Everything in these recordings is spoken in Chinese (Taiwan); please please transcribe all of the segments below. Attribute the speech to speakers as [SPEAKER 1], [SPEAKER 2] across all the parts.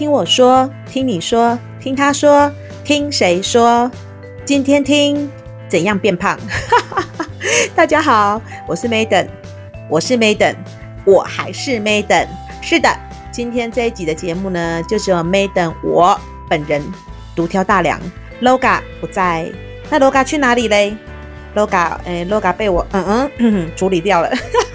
[SPEAKER 1] 聽我說，聽你說，聽他說，聽誰說？今天聽怎樣變胖？ 大家好，我是 Madam，我是 Madam，我還是 Madam。是的，今天這一集的節目呢，就是我 Madam 我本人獨挑大梁，Loga 不在，那 Loga 去哪裡嘞？Loga，哎，Loga 被我嗯嗯呵呵處理掉了。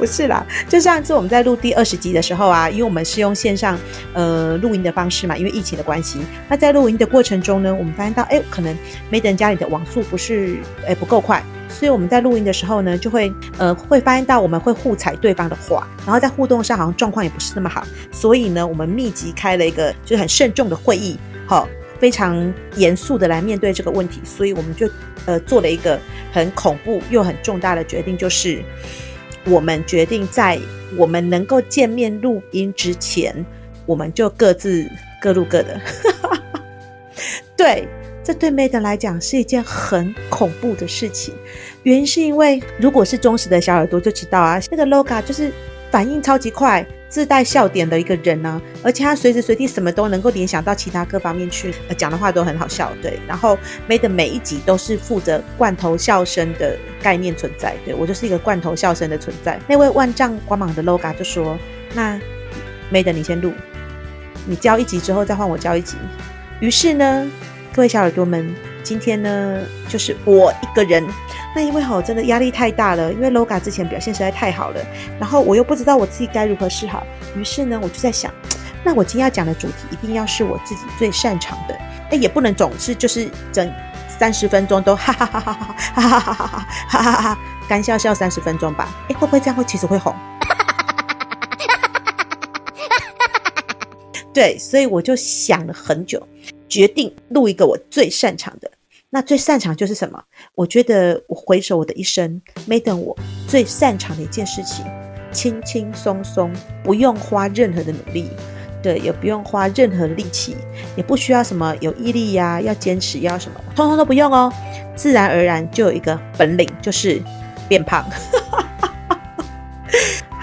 [SPEAKER 1] 不是啦，就上次我們在錄第二十集的時候啊，因為我們是用線上呃錄音的方式嘛，因為疫情的關係。那在錄音的過程中呢，我們發現到，哎，可能 Madam 家裡的網速不是，誒不夠快。所以我們在錄音的時候呢，就會呃會發現到我們會互踩對方的話，然後在互動上好像狀況也不是那麼好。所以呢，我們密集開了一個就是很慎重的會議，好、哦，非常嚴肅的來面對這個問題。所以我們就呃做了一個很恐怖又很重大的決定，就是。我們決定在我們能夠見面錄音之前，我們就各自各錄各的。哈哈哈，對，這對 Madam 來講是一件很恐怖的事情，原因是因為如果是忠實的小耳朵就知道啊，那個 Loga 就是反應超級快。自帶笑點的一個人呢、啊，而且他隨時隨地什麼都能夠聯想到其他各方面去，呃，講的話都很好笑，對。然後 Madam 的每一集都是負責罐頭笑聲的概念存在，對，我就是一個罐頭笑聲的存在。那位萬丈光芒的 Loga 就說：“那 Madam 你先錄，你教一集之後再換我教一集。”於是呢，各位小耳朵們，今天呢就是我一個人。那因為哈，我真的壓力太大了，因為 Loga 之前表現實在太好了，然後我又不知道我自己該如何是好。於是呢，我就在想，那我今天要講的主題一定要是我自己最擅長的，那、欸、也不能總是就是整三十分鐘都哈哈哈哈哈哈哈哈哈哈乾哈哈笑笑三十分鐘吧。哎、欸，會不會這樣會其實會紅？ 對，所以我就想了很久，決定錄一個我最擅長的。那最擅長就是什麼？我覺得我回首我的一生，maybe 我最擅長的一件事情，輕輕鬆鬆，不用花任何的努力，對，也不用花任何力氣，也不需要什麼有毅力呀、啊，要堅持，要什麼，通通都不用哦，自然而然就有一個本領，就是變胖。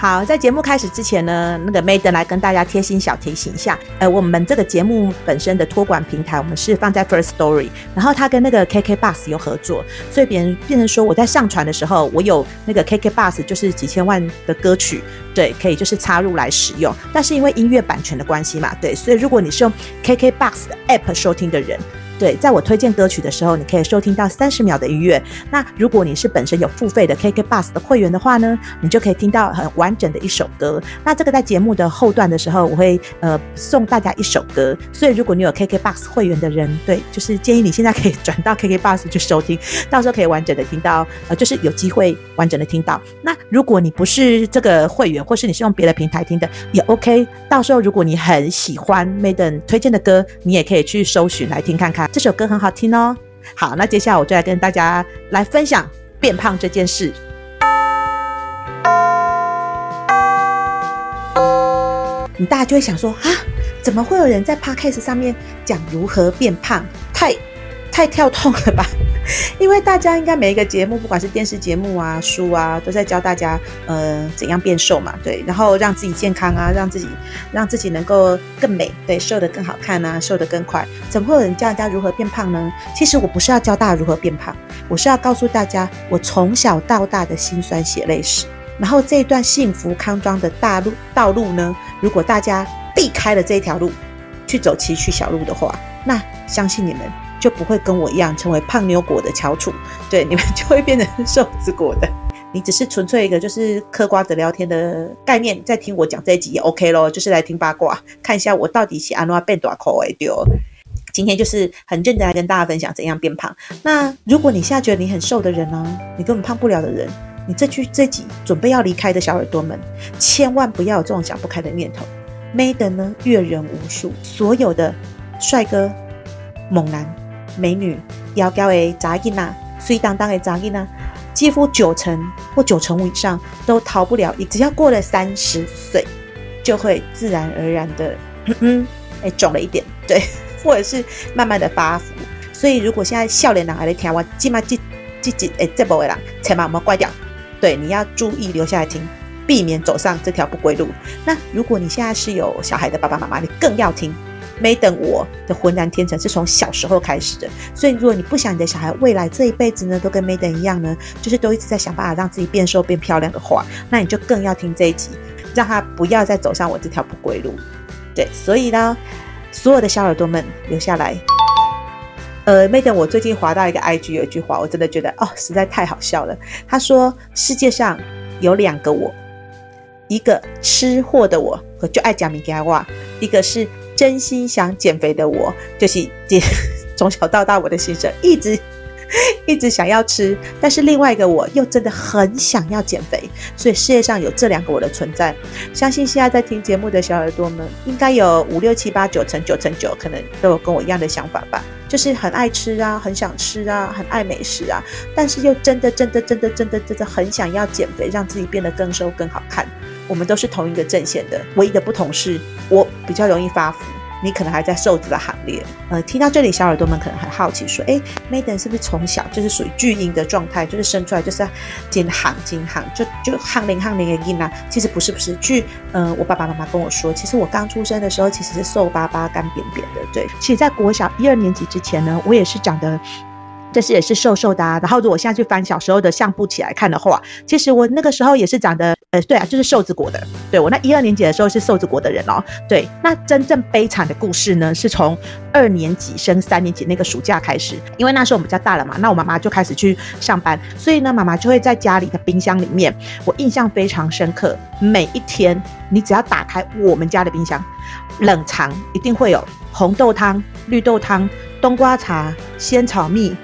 [SPEAKER 1] 好，在節目開始之前呢，那個 Madam 來跟大家貼心小提醒一下，呃，我們這個節目本身的托管平台，我們是放在 Firstory，然後他跟那個 KKBox 有合作，所以別人變成說我在上傳的時候，我有那個 KKBox 就是幾千萬的歌曲，對，可以就是插入來使用，但是因為音樂版權的關係嘛，對，所以如果你是用 KKBox 的 App 收聽的人。對，在我推薦歌曲的時候，你可以收聽到三十秒的音樂。那如果你是本身有付費的 KKBOX 的會員的話呢，你就可以聽到很完整的一首歌。那這個在節目的後段的時候，我會呃送大家一首歌。所以如果你有 KKBOX 會員的人，對，就是建議你現在可以轉到 KKBOX 去收聽，到時候可以完整的聽到，呃，就是有機會完整的聽到。那如果你不是這個會員，或是你是用別的平台聽的，也 OK。到時候如果你很喜歡 Madam 推薦的歌，你也可以去搜尋來聽看看。這首歌很好聽哦。好，那接下來我就來跟大家來分享變胖這件事。你大家就會想說，啊，怎麼會有人在 podcast 上面講如何變胖？太……太跳痛了吧？ 因為大家應該每一個節目，不管是電視節目啊、書啊，都在教大家，呃，怎樣變瘦嘛，對，然後讓自己健康啊，讓自己讓自己能夠更美，對，瘦得更好看吶、啊，瘦得更快。怎麼會有人教人家如何變胖呢？其實我不是要教大家如何變胖，我是要告訴大家我從小到大的辛酸血淚史。然後這一段幸福康莊的大路道路呢，如果大家避開了這一條路，去走崎嶇小路的話，那相信你們就不會跟我一樣成為胖妞國的翹楚，對，你們就會變成瘦子國的。你只是純粹一個就是嗑瓜子聊天的概念，在聽我講這集也 OK 咯，就是來聽八卦，看一下我到底是安怎變大口對丟、哦。今天就是很認真來跟大家分享怎樣變胖。那如果你現在覺得你很瘦的人呢、哦，你根本胖不了的人，你這句這集準備要離開的小耳朵們，千萬不要有這種想不開的念頭。Madam 呢閱人無數，所有的帥哥猛男。美女，窈窕的扎金娜，水當當的扎金啊，幾乎九成或九成五以上都逃不了，你只要過了三十歲，就會自然而然的，嗯，哎，腫了一點，對，或者是慢慢的發福。所以，如果現在笑臉男孩在聽我，我起碼這幾幾哎，這不會了，請把我們掛掉。對，你要注意留下來聽，避免走上這條不歸路。那如果你現在是有小孩的爸爸媽媽，你更要聽。Madam 我的渾然天成是從小時候開始的，所以如果你不想你的小孩未來這一輩子呢都跟 Madam 一樣呢，就是都一直在想辦法讓自己變瘦變漂亮的話，那你就更要聽這一集，讓他不要再走上我這條不歸路。對，所以呢，所有的小耳朵們留下來。呃，Madam 我最近滑到一個 IG 有一句話，我真的覺得哦，實在太好笑了。他說世界上有兩個我，一個吃貨的我，我就愛講閩南話，一個是，真心想減肥的我，就是從從小到大我的心聲，一直一直想要吃，但是另外一個我又真的很想要減肥，所以世界上有這兩個我的存在。相信現在在聽節目的小耳朵們，應該有五六七八九成九成九可能都有跟我一樣的想法吧，就是很愛吃啊，很想吃啊，很愛美食啊，但是又真的真的真的真的真的很想要減肥，讓自己變得更瘦更好看。我們都是同一個陣線的，唯一的不同是我比較容易發福，你可能還在瘦子的行列。呃，聽到這裡，小耳朵們可能很好奇，說：“誒，Madam 是不是從小就是屬於巨嬰的狀態，就是生出來就是要金行金行，就就喊零喊零的嬰兒？”其實不是，不是據呃，我爸爸媽媽跟我說，其實我剛出生的時候其實是瘦巴巴、乾扁扁的。對，其實在國小一二年級之前呢，我也是長得，但是也是瘦瘦的。啊，然後，如果現在去翻小時候的相簿起來看的話，其實我那個時候也是長得。呃，對啊，就是瘦子國的。對，我那一二年級的時候是瘦子國的人哦。對，那真正悲慘的故事呢，是從二年級升三年級那個暑假開始，因為那時候我們家大了嘛，那我媽媽就開始去上班，所以呢，媽媽就會在家裡的冰箱裡面，我印象非常深刻，每一天你只要打開我們家的冰箱，冷藏一定會有紅豆湯、綠豆湯、冬瓜茶、仙草蜜、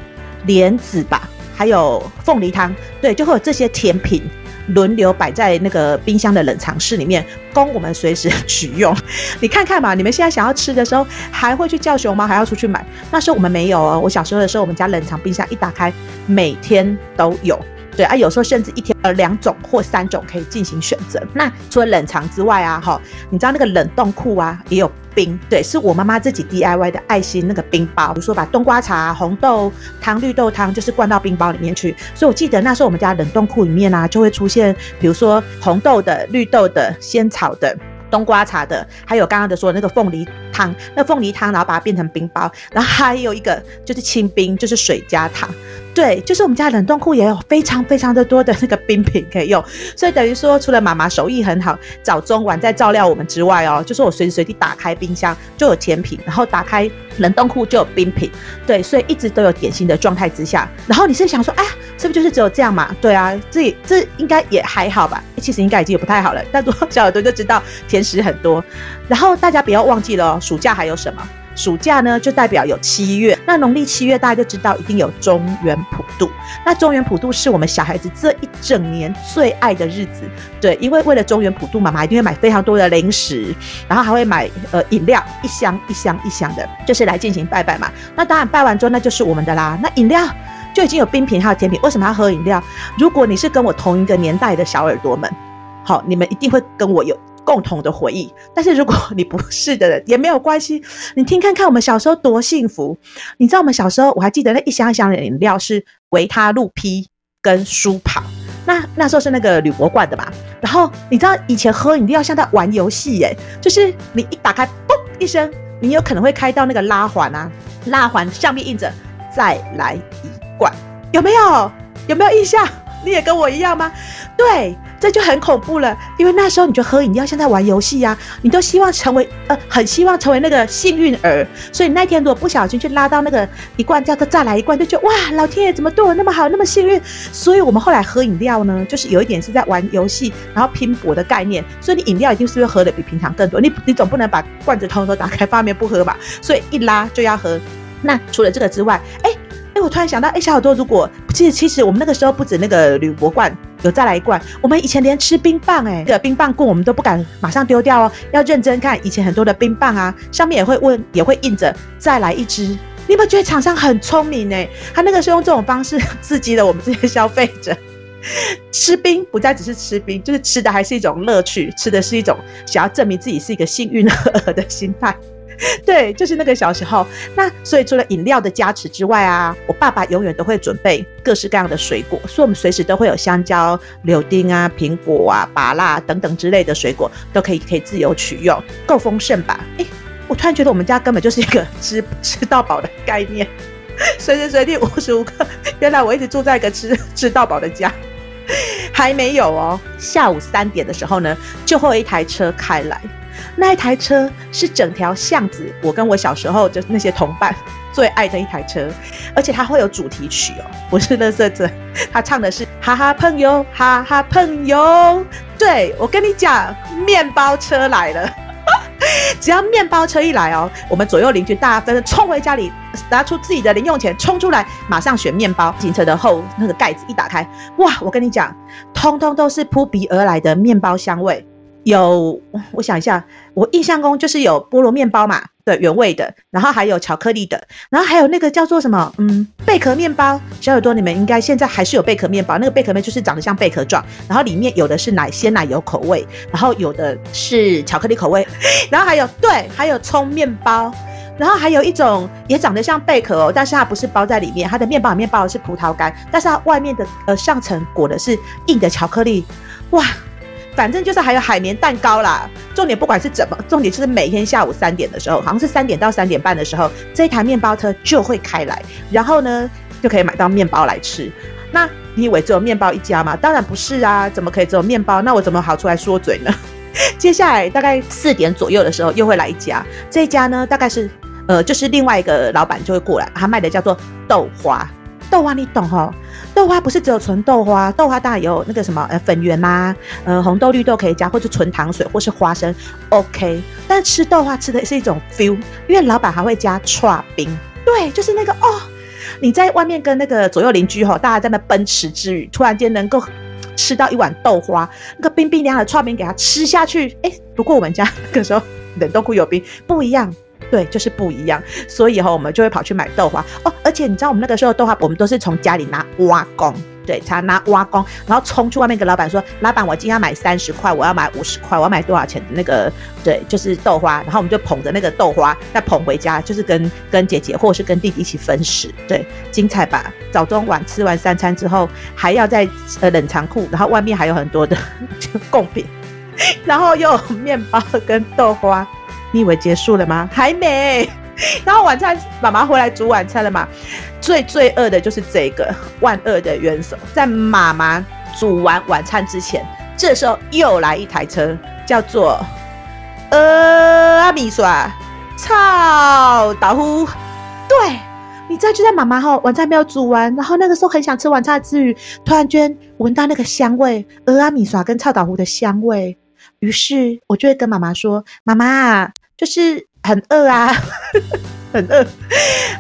[SPEAKER 1] 蓮子吧，還有鳳梨湯，對，就會有這些甜品。輪流擺在那個冰箱的冷藏室裡面，供我們隨時取用。 你看看嘛，你們現在想要吃的時候，還會去叫熊貓，還要出去買。那時候我們沒有哦。我小時候的時候，我們家冷藏冰箱一打開，每天都有。對啊，有時候甚至一天呃兩種或三種可以進行選擇。那除了冷藏之外啊，哈，你知道那個冷凍庫啊也有冰，對，是我媽媽自己 DIY 的愛心那個冰包。比如說把冬瓜茶、紅豆湯、綠豆湯，就是灌到冰包裡面去。所以我記得那時候我們家冷凍庫裡面呢、啊、就會出現，比如說紅豆的、綠豆的、仙草的、冬瓜茶的，還有剛剛的說那個鳳梨湯，那鳳梨湯，然後把它變成冰包，然後還有一個就是清冰，就是水加糖。對，就是我們家冷凍庫也有非常非常的多的那個冰品可以用，所以等於說，除了媽媽手藝很好，早中晚在照料我們之外哦，就是我隨時隨地打開冰箱就有甜品，然後打開冷凍庫就有冰品。對，所以一直都有點心的狀態之下，然後你是想說，哎，是不是就是只有這樣嘛？對啊，這這應該也還好吧？其實應該已經也不太好了，大多小耳朵都知道甜食很多。然後大家不要忘記了，暑假還有什麼？暑假呢，就代表有七月。那農曆七月，大家就知道一定有中元普渡。那中元普渡是我們小孩子這一整年最愛的日子，對，因為為了中元普渡，媽媽一定會買非常多的零食，然後還會買呃飲料，一箱一箱一箱的，就是來進行拜拜嘛。那當然拜完之後，那就是我們的啦。那飲料就已經有冰品還有甜品，為什麼要喝飲料？如果你是跟我同一個年代的小耳朵們，好、哦，你們一定會跟我有共同的回憶，但是如果你不是的人也沒有關係，你聽看看我們小時候多幸福。你知道我們小時候，我還記得那一箱一箱的飲料是維他露 P 跟舒跑，那那時候是那個鋁箔罐的嘛？然後你知道以前喝飲料一定要像在玩遊戲誒、欸、就是你一打開嘣一聲，你有可能會開到那個拉環啊，拉環上面印着再來一罐，有沒有？有沒有印象？你也跟我一樣嗎？對。那就很恐怖了，因為那時候你就喝飲料像在玩遊戲呀、啊，你都希望成為呃，很希望成為那個幸運兒，所以那天如果不小心去拉到那個一罐，叫做再來一罐，就覺得哇，老天爺怎麼對我那麼好，那麼幸運。所以我們後來喝飲料呢，就是有一點是在玩遊戲，然後拼搏的概念，所以你飲料一定是會喝的比平常更多，你你總不能把罐子偷偷打開放著不喝吧？所以一拉就要喝。那除了這個之外，哎誒，誒，誒，我突然想到，哎，小耳朵，如果其實其實我們那個時候不止那個鋁箔罐。有再來一罐，我們以前連吃冰棒誒，這個冰棒棍我們都不敢馬上丟掉哦，要認真看。以前很多的冰棒啊，上面也會問，也會印着再來一支。你有沒有覺得廠商很聰明呢？他那個是用這種方式刺激了我們這些消費者，吃冰不再只是吃冰，就是吃的還是一種樂趣，吃的是一種想要證明自己是一個幸運兒的心態。對，就是那個小時候。那所以除了飲料的加持之外啊，我爸爸永遠都會準備各式各樣的水果，所以我們隨時都會有香蕉、柳丁啊、蘋果啊、芭辣等等之類的水果，都可以可以自由取用，夠豐盛吧？誒，我突然覺得我們家根本就是一個吃吃到飽的概念，隨時隨地無時無刻。原來我一直住在一個吃吃到飽的家，還沒有哦。下午三點的時候呢，就會有一台車開來。那一台車是整條巷子，我跟我小時候就是那些同伴最愛的一台車，而且它會有主題曲哦。不是垃圾車，他唱的是哈哈朋友“哈哈碰油，哈哈碰油”。對，我跟你講，麵包車來了， 只要麵包車一來哦，我們左右鄰居大家紛紛衝回家裡，拿出自己的零用錢，衝出來馬上選麵包。自行車的後那個蓋子一打開，哇，我跟你講，通通都是撲鼻而來的麵包香味。有，我想一下，我印象中就是有菠蘿麵包嘛，對，原味的，然後還有巧克力的，然後還有那個叫做什麼，嗯，貝殼麵包，小耳朵你們應該現在還是有貝殼麵包，那個貝殼面就是長得像貝殼狀，然後裡面有的是奶鮮奶油口味，然後有的是巧克力口味，然後還有對，還有蔥麵包，然後還有一種也長得像貝殼哦，但是它不是包在裡面，它的麵包裡面包的是葡萄乾，但是它外面的呃上層裹的是硬的巧克力，哇。反正就是還有海綿蛋糕啦，重點不管是怎麼，重點就是每天下午三點的時候，好像是三點到三點半的時候，這台面包車就會開來，然後呢就可以買到面包來吃。那你以為只有面包一家嗎？當然不是啊，怎麼可以只有面包？那我怎麼好出來說嘴呢？接下來大概四點左右的時候，又會來一家，這一家呢大概是呃就是另外一個老板就會過來，他賣的叫做豆花。豆花你懂哈，豆花不是只有純豆花，豆花當然有那個什麼呃粉圓啦，呃，呃紅豆綠豆可以加，或是純糖水，或是花生，OK。但是吃豆花吃的是一種 feel，因為老板還會加剉冰，對，就是那個哦，你在外面跟那個左右鄰居哈，大家在那奔馳之餘，突然間能夠吃到一碗豆花，那個冰冰涼的剉冰給他吃下去，誒、欸，不過我們家那個時候冷凍庫有冰，不一樣。對，就是不一樣，所以以後我們就會跑去買豆花哦。而且你知道，我們那個時候豆花，我們都是從家裡拿碗公，對他拿碗公，然後衝去外面跟老闆說：“老闆，我今天要買三十塊，我要買五十塊，我要買多少錢的那個？”對，就是豆花。然後我們就捧着那個豆花再捧回家，就是跟跟姐姐或是跟弟弟一起分食。對，精彩吧？早中晚吃完三餐之後，還要在呃冷藏庫，然後外面還有很多的供 品，然後又有麵包跟豆花。你以為結束了嗎？還沒。然後晚餐，媽媽回來煮晚餐了嘛？最最惡的就是這個萬惡的元首，在媽媽煮完晚餐之前，這時候又來一台車，叫做呃阿米莎、超導呼。對，你知道就在媽媽後，晚餐沒有煮完，然後那個時候很想吃晚餐之餘，突然間聞到那個香味，呃阿米莎跟超導呼的香味，於是我就會跟媽媽說，媽媽，啊。就是很餓啊，很餓，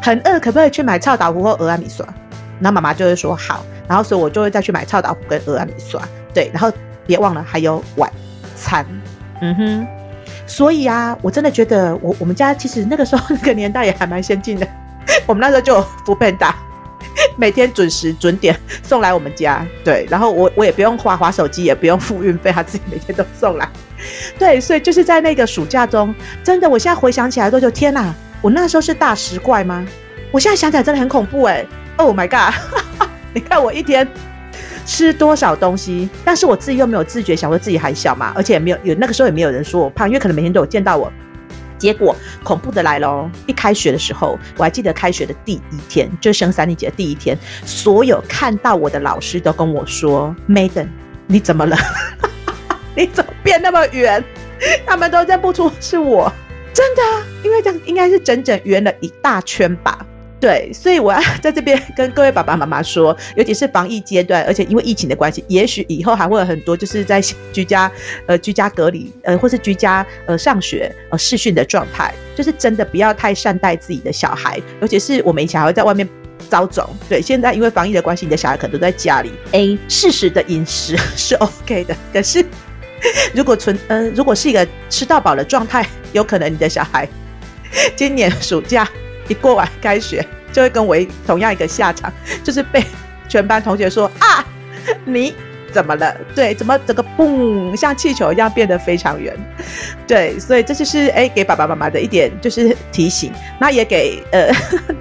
[SPEAKER 1] 很餓，很可不可以去買臭豆腐或蚵仔麵線？然後媽媽就會說好，然後所以我就會再去買臭豆腐跟蚵仔麵線。對，然後別忘了還有晚餐。嗯哼，所以啊，我真的覺得我我們家其實那個時候那個年代也還蠻先進的，我們那時候就 foodpanda 每天準時準點送來我們家。對，然後我我也不用滑滑手機，也不用付運費，他自己每天都送來。對，所以就是在那個暑假中，真的，我現在回想起來都就，天哪，我那時候是大食怪嗎？我現在想起來真的很恐怖哎、欸、！Oh my god！ 你看我一天吃多少東西，但是我自己又沒有自覺，想說自己還小嘛，而且也沒有有那個時候也沒有人說我胖，因為可能每天都有見到我。結果恐怖的來了，一開學的時候，我還記得開學的第一天，就是升三年級的第一天，所有看到我的老師都跟我說：“Madam，你怎麼了？”你怎麼變那麼圓？他們都認不出是我，真的，因為這樣應該是整整圓了一大圈吧？對，所以我要在這邊跟各位爸爸媽媽說，尤其是防疫階段，而且因為疫情的關係，也許以後還會有很多就是在居家呃居家隔離呃或是居家呃上學呃視訊的狀態，就是真的不要太善待自己的小孩，尤其是我們以前還會在外面遭撞，對，現在因為防疫的關係，你的小孩可能都在家裡。A 適時的飲食是 OK 的，可是。 如果存，嗯、呃，如果是一個吃到飽的狀態，有可能你的小孩今年暑假一過完開學，就會跟我同樣一個下場，就是被全班同學說啊，你。怎麼了？對，怎麼整個嘣，像氣球一樣變得非常圓？對，所以這就是哎、欸，給爸爸媽媽的一點就是提醒，那也給呃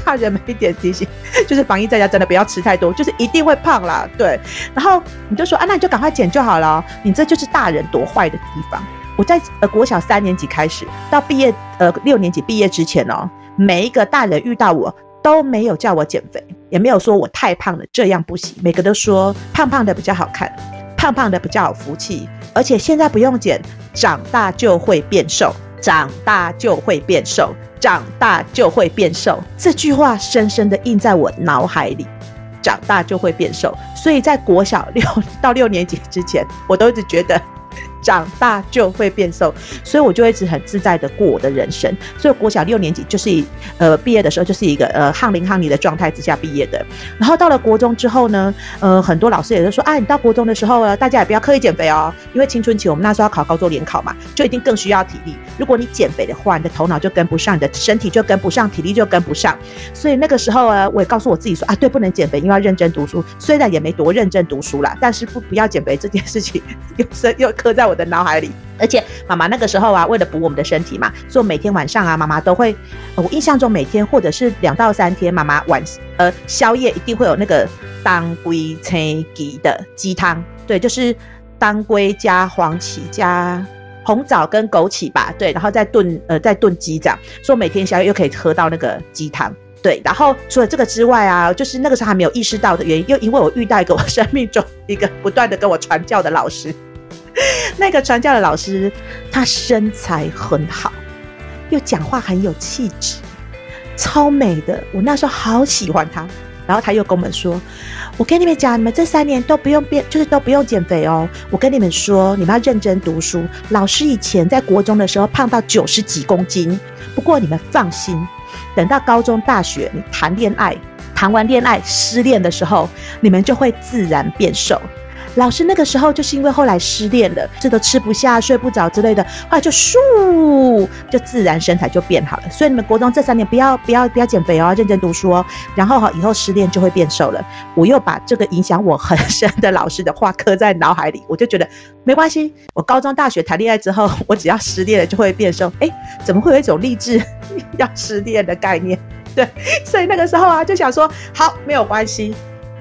[SPEAKER 1] 大人們一點提醒，就是防疫在家真的不要吃太多，就是一定會胖啦。對，然後你就說啊，那你就趕快減就好了、喔、你這就是大人多壞的地方。我在呃國小三年級開始到畢業呃六年級畢業之前哦、喔，每一個大人遇到我。都沒有叫我減肥，也沒有說我太胖了，這樣不行。每個都說胖胖的比較好看，胖胖的比較好福氣，而且現在不用減，長大就會變瘦，長大就會變瘦，長大就會變瘦。這句話深深的印在我腦海裡，長大就會變瘦。所以在國小六到六年級之前，我都一直覺得。長大就會變瘦，所以我就一直很自在的過我的人生。所以我國小六年級就是以呃畢業的時候，就是一個呃翰林翰林的狀態之下畢業的。然後到了國中之後呢，呃很多老師也都說啊，你到國中的時候了，啊，大家也不要刻意減肥哦，因為青春期我們那時候要考高中聯考嘛，就一定更需要體力。如果你減肥的話，你的頭腦就跟不上，你的身體就跟不上，體力就跟不上。所以那個時候啊，我也告訴我自己說啊，對，不能減肥，因為要認真讀書。雖然也沒多認真讀書啦，但是不不要減肥這件事情又又刻在我。我的腦海裡，而且媽媽那個時候啊，為了補我們的身體嘛，所以每天晚上啊，媽媽都會，我印象中每天或者是兩到三天，媽媽晚呃宵夜一定會有那個當歸青雞的雞湯，對，就是當歸加黃芪加紅棗跟枸杞吧，對，然後再燉呃再燉雞掌，所以每天宵夜又可以喝到那個雞湯，對，然後除了這個之外啊，就是那個時候還沒有意識到的原因，又因為我遇到一個我生命中一個不斷的跟我傳教的老師。 那個傳教的老師，他身材很好，又講話很有氣質，超美的。我那時候好喜歡他。然後他又跟我們說：“我跟你們講，你們這三年都不用變，就是都不用減肥哦。我跟你們說，你們要認真讀書。老師以前在國中的時候胖到九十幾公斤，不過你們放心，等到高中大學，你談戀愛，談完戀愛失戀的時候，你們就會自然變瘦。”老師那個時候就是因為後來失戀了，這都吃不下、睡不着之類的，後來就咻，就自然身材就變好了。所以你們國中這三年不要不要不要減肥哦，認真讀書哦。然後哈，以後失戀就會變瘦了。我又把這個影響我很深的老師的話刻在腦海裡，我就覺得沒關係。我高中、大學談戀愛之後，我只要失戀了就會變瘦。誒，欸，怎麼會有一種勵志要失戀的概念？對，所以那個時候啊，就想說好，沒有關係。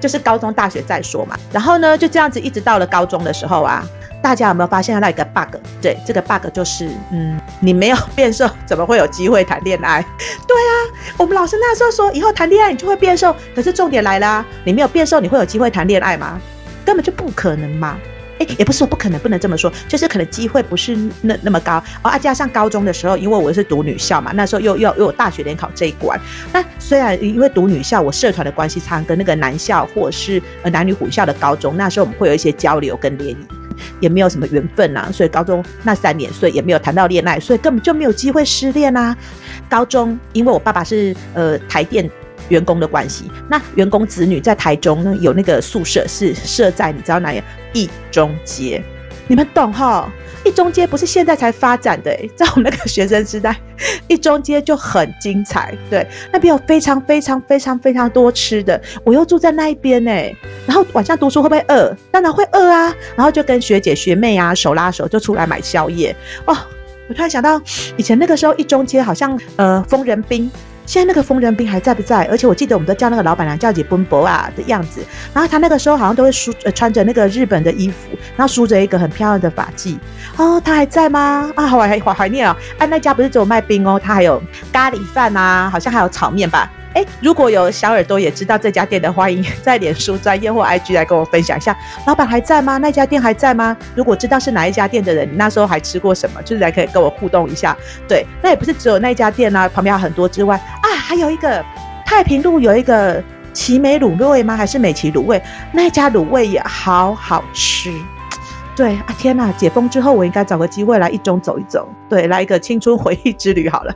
[SPEAKER 1] 就是高中大學再說嘛，然後呢，就這樣子一直到了高中的時候啊，大家有沒有發現那個 bug？對，這個 bug 就是，嗯，你沒有變瘦，怎麼會有機會談戀愛？ 對啊，我們老師那時候說，以後談戀愛你就會變瘦，可是重點來啦，啊，你沒有變瘦，你會有機會談戀愛嗎？根本就不可能嘛。哎、欸，也不是說不可能，不能這麼說，就是可能機會不是那那麼高哦。啊，加上高中的時候，因為我是讀女校嘛，那時候又又又有大學聯考這一關。那雖然因為讀女校，我社團的關係，常跟那個男校或是呃男女混校的高中，那時候我們會有一些交流跟聯誼，也沒有什麼緣分啊。所以高中那三年，所以也沒有談到戀愛，所以根本就沒有機會失戀啊。高中因為我爸爸是呃台電。員工的關係，那員工子女在台中呢，有那個宿舍是設在你知道哪裡？一中街，你們懂吼，一中街不是現在才發展的，欸，在我們那個學生時代，一中街就很精彩。對，那邊有非常非常非常非常多吃的，我又住在那一邊呢。然後晚上讀書會不會餓？當然會餓啊。然後就跟學姐學妹啊手拉手就出來買宵夜。哦，我突然想到，以前那個時候一中街好像呃豐仁冰。現在那個瘋人冰還在不在？而且我記得我們都叫那個老板娘叫姐奔波啊的樣子。然後她那個時候好像都會梳、呃，穿着那個日本的衣服，然後梳着一個很漂亮的髮髻。哦，她還在嗎？啊，好懷懷懷念哦。哎、啊，那家不是只有賣冰哦，它還有咖喱飯吶、啊，好像還有炒面吧。哎、欸，如果有小耳朵也知道這家店的話，歡迎在臉書、專頁或 IG 來跟我分享一下。老闆還在嗎？那家店還在嗎？如果知道是哪一家店的人，你那時候還吃過什麼？就是來可以跟我互動一下。對，那也不是只有那家店啊，旁邊還有很多之外啊，還有一個太平路有一個奇美滷味嗎？還是美奇滷味？那家滷味也好好吃。對啊，天吶、啊！解封之後，我應該找個機會來一中走一走，對，來一個青春回憶之旅好了。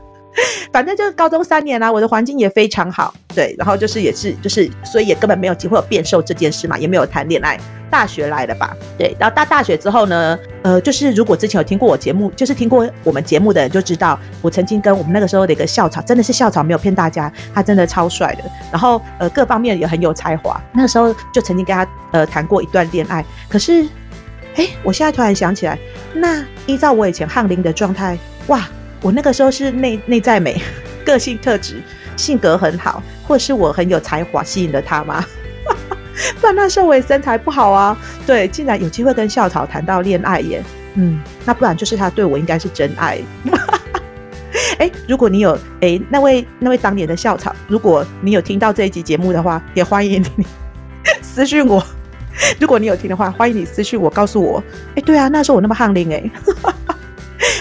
[SPEAKER 1] 反正就是高中三年啦、啊，我的環境也非常好，對，然後就是也是就是，所以也根本沒有機會有變瘦這件事嘛，也沒有談戀愛。大學來了吧，對，然後到大、大學之後呢，呃，就是如果之前有聽過我節目，就是聽過我們節目的人就知道，我曾經跟我們那個時候的一個校草，真的是校草，沒有騙大家，他真的超帥的，然後呃，各方面也很有才華。那個時候就曾經跟他呃談過一段戀愛，可是，哎、欸，我現在突然想起來，那依照我以前翰林的狀態，哇！我那個時候是內內在美、個性特質、性格很好，或是我很有才華吸引了他嗎？ 不然那時候我也身材不好啊。對，竟然有機會跟校草談到戀愛耶。嗯，那不然就是他對我應該是真愛。哎、 欸，如果你有哎、欸、那位那位當年的校草，如果你有聽到這一集節目的話，也歡迎你，你私訊我。如果你有聽的話，歡迎你私訊我告訴我。哎、欸，對啊，那時候我那麼翰林哎。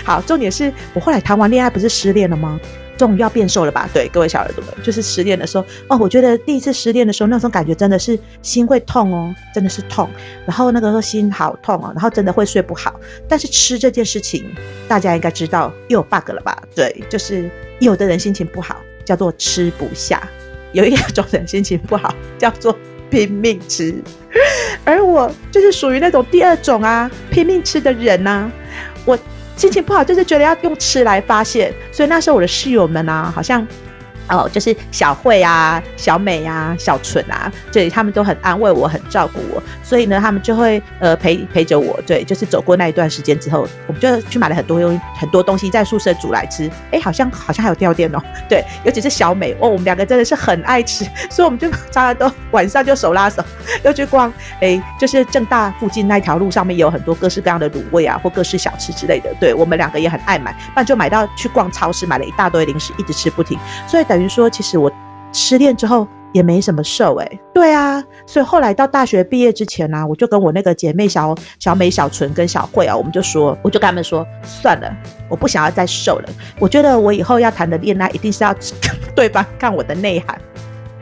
[SPEAKER 1] 好，重點是我後來談完戀愛不是失戀了嗎？終於要變瘦了吧？對，各位小耳朵們，就是失戀的時候哦。我覺得第一次失戀的時候，那種感覺真的是心會痛哦，真的是痛。然後那個時候心好痛哦，然後真的會睡不好。但是吃這件事情，大家應該知道又有 bug 了吧？對，就是有的人心情不好叫做吃不下，有一種人心情不好叫做拼命吃， 而我就是屬於那種第二種啊，拼命吃的人吶、啊，我。心情不好，就是覺得要用吃來發洩，所以那時候我的室友們啊，好像。哦，就是小慧啊、小美呀、啊、小純啊，這裡他們都很安慰我，很照顧我，所以呢，他們就會呃陪陪着我，對，就是走過那一段時間之後，我們就去買了很多用很多東西在宿舍煮來吃，哎、欸，好像好像還有跳電哦，對，尤其是小美哦，我們兩個真的是很愛吃，所以我們就常常都晚上就手拉手又去逛，哎、欸，就是政大附近那條路上面有很多各式各樣的滷味啊，或各式小吃之類的，對，我們兩個也很愛買，不然就買到去逛超市買了一大堆零食，一直吃不停，所以等。等於說，其實我失戀之後也沒什麼瘦哎、欸。對啊，所以後來到大學畢業之前呢、啊，我就跟我那個姐妹小小美、小純跟小慧啊，我們就說，我就跟他們說，算了，我不想要再瘦了。我覺得我以後要談的戀愛一定是要對方看我的內涵，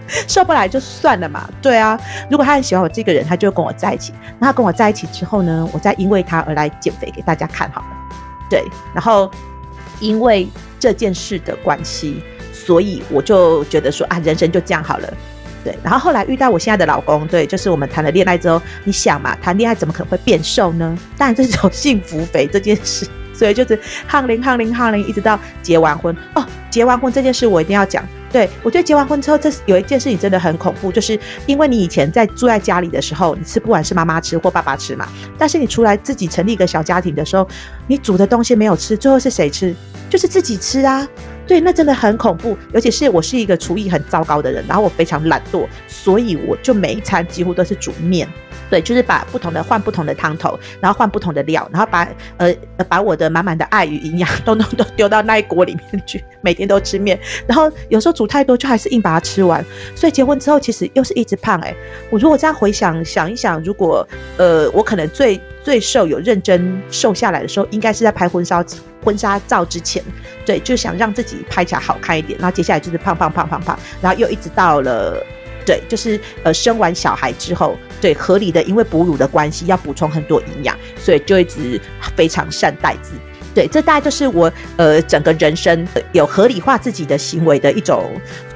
[SPEAKER 1] 瘦不來就算了嘛。對啊，如果他很喜歡我這個人，他就會跟我在一起。那他跟我在一起之後呢，我再因為他而來減肥給大家看好了。對，然後因為這件事的關係。所以我就覺得說啊，人生就這樣好了，對。然後後來遇到我現在的老公，對，就是我們談了戀愛之後，你想嘛，談戀愛怎麼可能會變瘦呢？當然這種幸福肥這件事，所以就是胖鈴胖鈴胖鈴一直到結完婚哦。結完婚這件事我一定要講，對，我覺得結完婚之後，這有一件事你真的很恐怖，就是因為你以前在住在家裡的時候，你吃不管是媽媽吃或爸爸吃嘛，但是你出來自己成立一個小家庭的時候，你煮的東西沒有吃，最後是誰吃？就是自己吃啊。對，那真的很恐怖，尤其是我是一個廚藝很糟糕的人，然後我非常懶惰，所以我就每一餐幾乎都是煮麵。對，就是把不同的換不同的湯頭，然後換不同的料，然後把呃把我的滿滿的愛與營養，都都都丟到那一鍋裡面去。每天都吃麵，然後有時候煮太多，就還是硬把它吃完。所以結婚之後，其實又是一直胖哎、欸。我如果這樣回想想一想，如果呃我可能最最瘦有認真瘦下來的時候，應該是在拍婚紗婚紗照之前。對，就想讓自己拍起來好看一點，然後接下來就是胖胖胖胖胖，然後又一直到了。對，就是呃，生完小孩之後，對，合理的，因為哺乳的關係，要補充很多營養，所以就一直非常善待自己。對，這大概就是我呃整個人生、呃、有合理化自己的行為的一種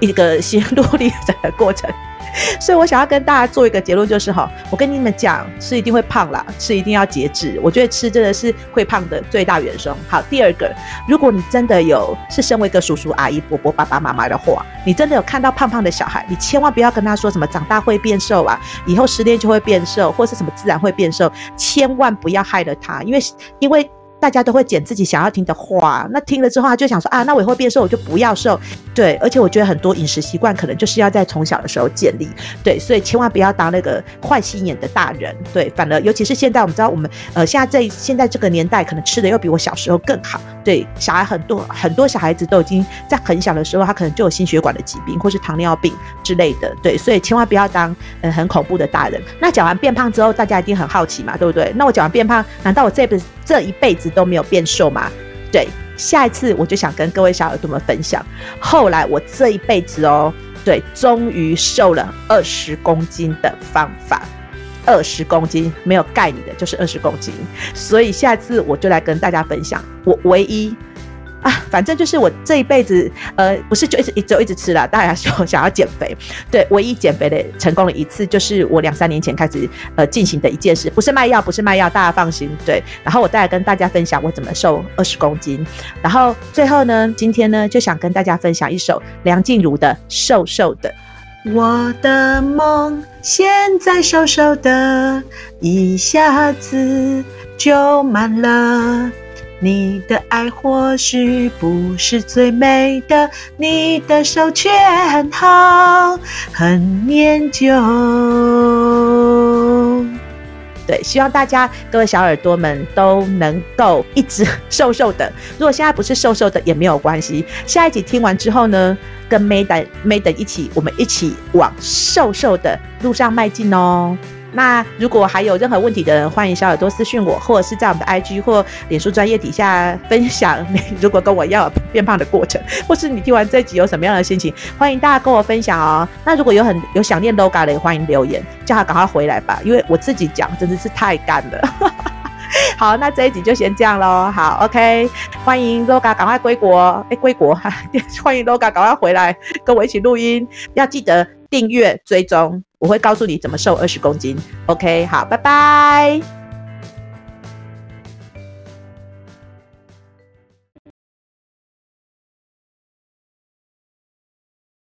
[SPEAKER 1] 一個心路歷程的過程。 所以我想要跟大家做一個結論，就是齁，我跟你、你們講吃一定會胖啦，吃一定要節制。我覺得吃真的是會胖的最大元凶。好，第二個，如果你真的有是身為一個叔叔阿姨、伯伯、爸爸媽媽的話，你真的有看到胖胖的小孩，你千萬不要跟他說什麼長大會變瘦啊，以後失戀就會變瘦，或是什麼自然會變瘦，千萬不要害了他，因為因為大家都會撿自己想要聽的話，那聽了之後他就想說啊，那我以後變瘦我就不要瘦。對，而且我覺得很多飲食習慣可能就是要在從小的時候建立。對，所以千萬不要當那個壞心眼的大人。對，反而尤其是現在，我們知道我們呃現在這現在這個年代，可能吃得又比我小時候更好。對，小孩很多很多小孩子都已經在很小的時候，他可能就有心血管的疾病或是糖尿病之類的。對，所以千萬不要當嗯、呃、很恐怖的大人。那講完變胖之後，大家一定很好奇嘛，對不對？那我講完變胖，難道我這一這一輩子都沒有變瘦嗎？對，下一次我就想跟各位小耳朵們分享，後來我這一輩子哦，對，終於瘦了二十公斤的方法，二十公斤沒有蓋你的，就是二十公斤，所以下一次我就來跟大家分享我唯一。啊，反正就是我這一輩子，呃，不是就一直一直一直吃啦。大家說想要減肥，對，唯一減肥的成功了一次，就是我兩三年前開始呃進行的一件事，不是賣藥，不是賣藥，大家放心。對，然後我再來跟大家分享我怎麼瘦二十公斤。然後最後呢，今天呢，就想跟大家分享一首梁靜茹的《瘦瘦的》。我的夢現在瘦瘦的，一下子就滿了。你的愛或許不是最美的，你的手卻很好，很念舊。對，希望大家各位小耳朵們都能夠一直瘦瘦的。如果現在不是瘦瘦的也沒有關係，下一集聽完之後呢，跟 Madam Madam 一起，我們一起往瘦瘦的路上邁進哦。那如果還有任何問題的人，歡迎小耳朵私訊我，或者是在我們的 IG 或者臉書專頁底下分享。你如果跟我要有變胖的過程，或是你聽完這集有什麼樣的心情，歡迎大家跟我分享哦。那如果有很有想念 Loga 的，也歡迎留言，叫他趕快回來吧，因為我自己講真的是太乾了。 好，那這一集就先這樣嘍。好，OK，歡迎 Loga 趕快歸國，哎，歸國， 歡迎 Loga 趕快回來跟我一起錄音，要記得訂閱追蹤。我會告訴你怎麼瘦二十公斤。OK，好，拜拜。